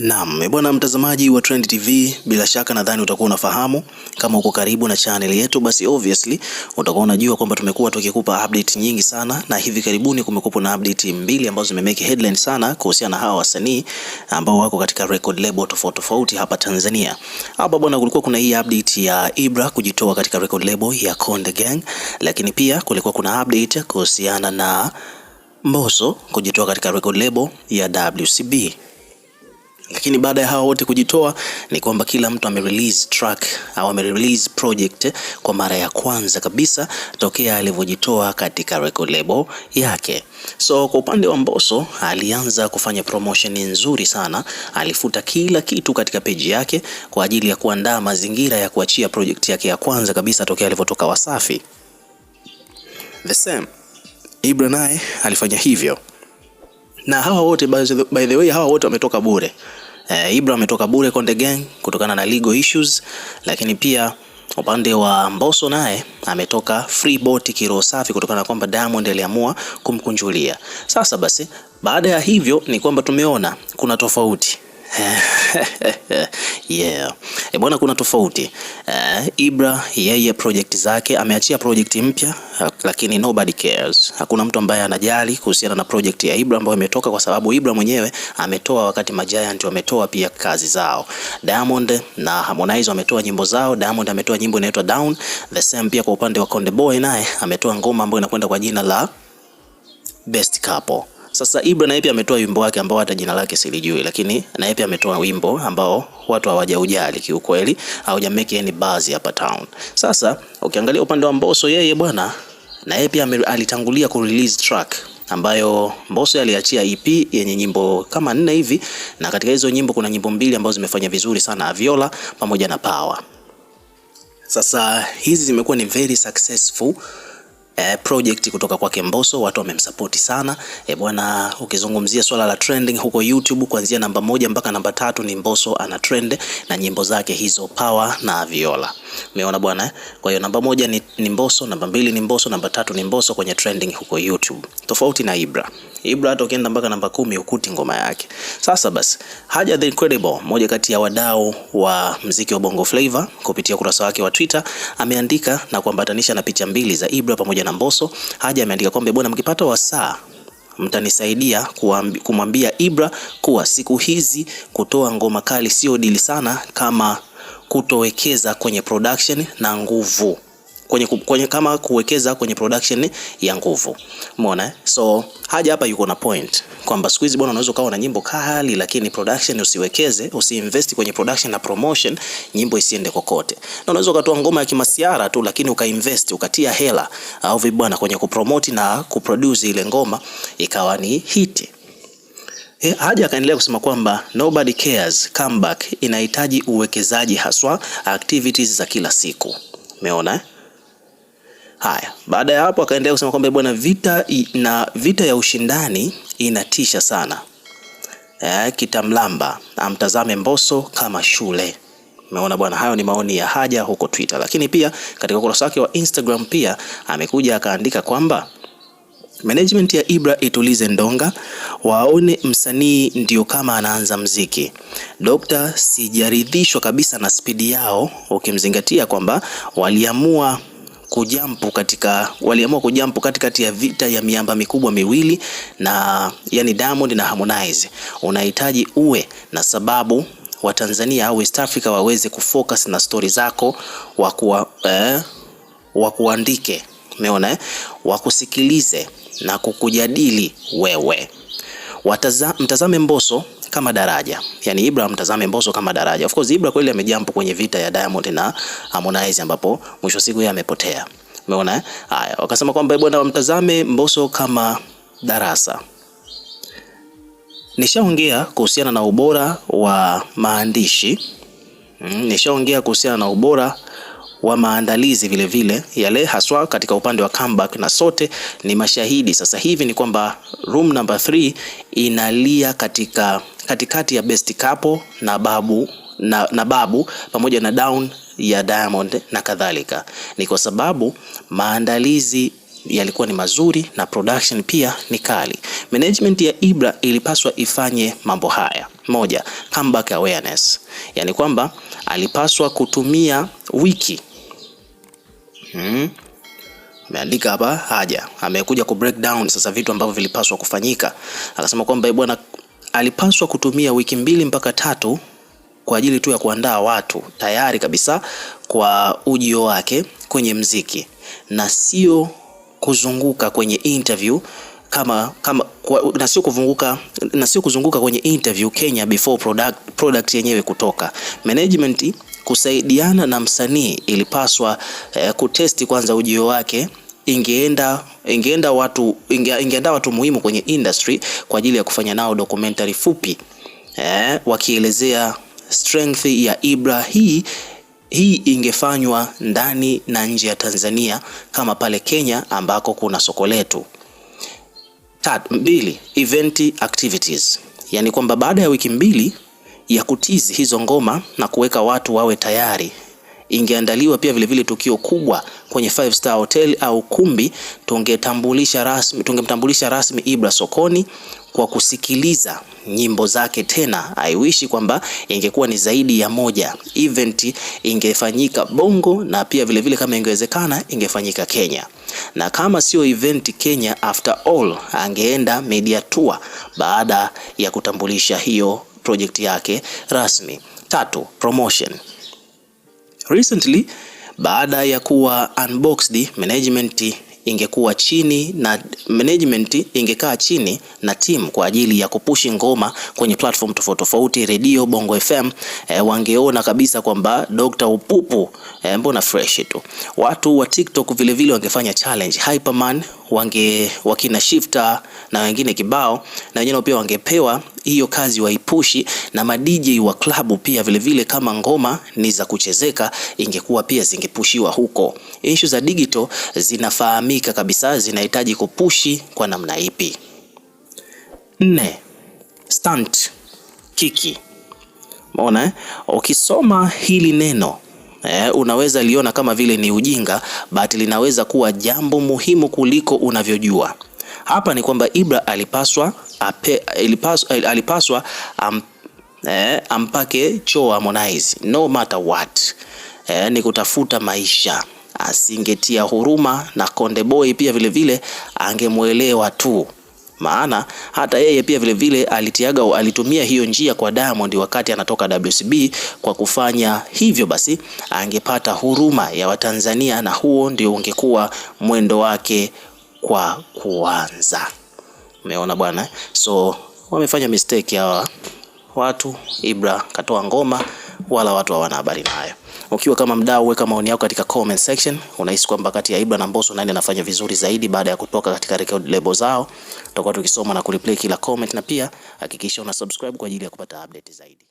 Naam, eh, bwana mtazamaji wa Trend TV, bila shaka nadhani utakuwa unafahamu kama uko karibu na channel yetu, basi obviously utakuwa unajua kwamba tumekuwa tukikupa update nyingi sana, na hivi karibuni kumekuwa na update mbili ambazo zimemake headline sana kuhusiana na hawa wasanii ambao wako katika record label tofauti tofauti hapa Tanzania. Hapa bwana, kulikuwa kuna hii update ya Ibra kujitoa katika record label ya Konde Gang, lakini pia kulikuwa kuna update kuhusiana na Mbosso kujitoa katika record label ya WCB. Lakini baada ya hawa wote kujitoa, ni kwamba kila mtu ame release track au ame release project kwa mara ya kwanza kabisa tokea alivyojitoa katika record label yake. So kwa upande wa Mbosso alianza kufanya promotion nzuri sana, alifuta kila kitu katika peji yake kwa ajili ya kuandaa mazingira ya kuachia project yake ya kwanza kabisa tokea alivyotoka Wasafi. The same Ibra naye alifanya hivyo, na hawa wote by the way, hawa wote wametoka bure. Eh, Ibra ametoka bure Konde Gang kutokana na legal issues, lakini pia upande wa Mbosso naye ametoka free boat kiroho safi kutokana na kwamba Diamond aliamua kumkunjulia. Sasa basi, baada ya hivyo ni kwamba tumeona kuna tofauti Yeah. E bwana, kuna tofauti uh, Ibra yeye project zake ameachia project mpya, lakini nobody cares. Hakuna mtu ambaye anajali kuhusiana na project ya Ibra ambayo imetoka, kwa sababu Ibra mwenyewe ametoa wakati Majayant wametoa pia kazi zao. Diamond na Harmonize wametoa nyimbo zao. Diamond ametoa nyimbo inaitwa Down. The same pia kwa upande wa Konde Boy naye ametoa ngoma ambayo inakwenda kwa jina la Best Couple. Sasa Ibra naye pia ametoa wimbo wake ambao hata jina lake silijui, lakini naye pia ametoa wimbo ambao watu hawajaujali kiukweli, haujameki any buzz hapa town. Sasa ukiangalia upande wa Mbosso, yeye bwana naye pia alitangulia ku release track ambayo Mbosso aliachia EP yenye nyimbo kama nne hivi, na katika hizo nyimbo kuna nyimbo mbili ambazo zimefanya vizuri sana, Aviola pamoja na Power. Sasa hizi zimekuwa ni very successful eh, project kutoka kwake Mbosso, watu wamemsapoti sana eh, bwana. Ukizungumzia swala la trending huko YouTube, kuanzia namba moja mpaka namba tatu ni Mbosso ana trend na nyimbo zake hizo Power na Viola. Umeona bwana eh? Kwa hiyo namba moja ni, ni Mbosso, namba mbili ni Mbosso, namba tatu ni Mbosso kwenye trending huko YouTube. Tofauti na Ibra. Ibra hata ukienda mpaka namba kumi ukuti ngoma yake. Sasa basi, Haja the Incredible, moja kati ya wadau wa mziki wa Bongo Flava kupitia ukurasa wake wa Twitter ameandika na kuambatanisha na picha mbili za Ibra pamoja na Mbosso. Haja ameandika kwamba bwana, mkipata wasaa mtanisaidia kumwambia Ibra kuwa siku hizi kutoa ngoma kali sio dili sana kama kutowekeza kwenye production na nguvu kwenye, kwenye kama kuwekeza kwenye production ya nguvu. Umeona? Eh? So haja hapa yuko na point kwamba siku hizi bwana, unaweza ukawa na nyimbo kali, lakini production usiwekeze, usiinvest kwenye production na promotion, nyimbo isiende kokote. Na unaweza ukatoa ngoma ya kimasiara tu, lakini ukainvest ukatia hela au vibwana kwenye kupromote na kuproduce ile ngoma ikawa ni hiti. E, Haji akaendelea kusema kwamba nobody cares comeback inahitaji uwekezaji haswa activities za kila siku. Umeona Haya, baada ya hapo akaendelea kusema kwamba bwana, vita na vita ya ushindani inatisha sana eh, kitamlamba amtazame Mbosso kama shule. Umeona bwana, hayo ni maoni ya Haja huko Twitter, lakini pia katika ukurasa wake wa Instagram pia amekuja akaandika kwamba Management ya Ibra itulize ndonga, waone msanii ndio kama anaanza mziki. Dokta, sijaridhishwa kabisa na spidi yao, ukimzingatia kwamba waliamua kujampu katika waliamua kujampu katikati ya vita ya miamba mikubwa miwili na yani Diamond na Harmonize. Unahitaji uwe na sababu Watanzania au West Africa waweze kufocus na stori zako, kuwa eh, wakuandike umeona eh? Wakusikilize na kukujadili wewe. Wataza, mtazame Mbosso kama daraja yani, Ibra mtazame Mbosso kama daraja. Of course Ibra kweli amejump kwenye vita ya Diamond na Harmonize ambapo mwisho siku yeye amepotea, umeona eh? Haya, wakasema kwamba bwana, mtazame Mbosso kama darasa. Nishaongea kuhusiana na ubora wa maandishi, hmm, nishaongea kuhusiana na ubora wa maandalizi vile vile yale haswa katika upande wa comeback, na sote ni mashahidi sasa hivi ni kwamba room number 3 inalia katika katikati ya best couple na babu na, na babu pamoja na down ya Diamond na kadhalika. Ni kwa sababu maandalizi yalikuwa ni mazuri na production pia ni kali. Management ya Ibra ilipaswa ifanye mambo haya: moja, comeback awareness, yani kwamba alipaswa kutumia wiki Hmm? Ameandika hapa haja, amekuja ku break down sasa vitu ambavyo vilipaswa kufanyika. Akasema kwamba eh, bwana alipaswa kutumia wiki mbili mpaka tatu kwa ajili tu ya kuandaa watu tayari kabisa kwa ujio wake kwenye mziki na sio kuzunguka kwenye interview kama, kama na sio kuvunguka na sio kuzunguka kwenye interview Kenya before product, product yenyewe kutoka. Management kusaidiana na msanii ilipaswa eh, kutesti kwanza ujio wake ingeenda ingeenda watu ingeandaa watu muhimu kwenye industry kwa ajili ya kufanya nao documentary fupi eh, wakielezea strength ya Ibra. Hii hii ingefanywa ndani na nje ya Tanzania kama pale Kenya ambako kuna soko letu. Tatu, mbili, event activities, yani kwamba baada ya wiki mbili ya kutizi hizo ngoma na kuweka watu wawe tayari ingeandaliwa pia vilevile vile tukio kubwa kwenye five star hotel au kumbi, tungetambulisha rasmi, tungemtambulisha rasmi Ibra sokoni kwa kusikiliza nyimbo zake tena. wish kwamba ingekuwa ni zaidi ya moja, event ingefanyika Bongo na pia vilevile vile kama ingewezekana ingefanyika Kenya, na kama sio event Kenya, after all angeenda media tour baada ya kutambulisha hiyo project yake rasmi. Tatu, promotion Recently, baada ya kuwa unboxed, management ingekuwa chini na management ingekaa chini na team kwa ajili ya kupushi ngoma kwenye platform tofauti tofauti, redio Bongo FM e, eh, wangeona kabisa kwamba Dr. Upupu e, mbona fresh tu. Watu wa TikTok vile vile wangefanya challenge Hyperman, wange wakina Shifter na wengine kibao, na wengine pia wangepewa hiyo kazi waipushi, na madj wa klabu pia vile vile, kama ngoma ni za kuchezeka, ingekuwa pia zingepushiwa huko. Issue za digital zinafahamika zinafahamika kabisa zinahitaji kupushi kwa namna ipi. Nne, stunt kiki. Umeona eh? Ukisoma hili neno eh, unaweza liona kama vile ni ujinga, but linaweza kuwa jambo muhimu kuliko unavyojua. Hapa ni kwamba Ibra alipaswa ape, alipaswa, alipaswa am, eh, ampake choa Harmonize no matter what eh, ni kutafuta maisha asingetia huruma na Konde Boy pia vilevile angemwelewa tu, maana hata yeye pia vilevile alitiaga alitumia hiyo njia kwa Diamond wakati anatoka WCB. Kwa kufanya hivyo, basi angepata huruma ya Watanzania na huo ndio ungekuwa mwendo wake kwa kuanza. Umeona bwana, so wamefanya mistake hawa watu. Ibra katoa ngoma wala watu hawana habari nayo. Ukiwa kama mdau, weka maoni yako katika comment section. Unahisi kwamba kati ya Ibra na Mbosso nani anafanya vizuri zaidi baada ya kutoka katika record label zao? Tutakuwa tukisoma na kureplay kila comment, na pia hakikisha una subscribe kwa ajili ya kupata update zaidi.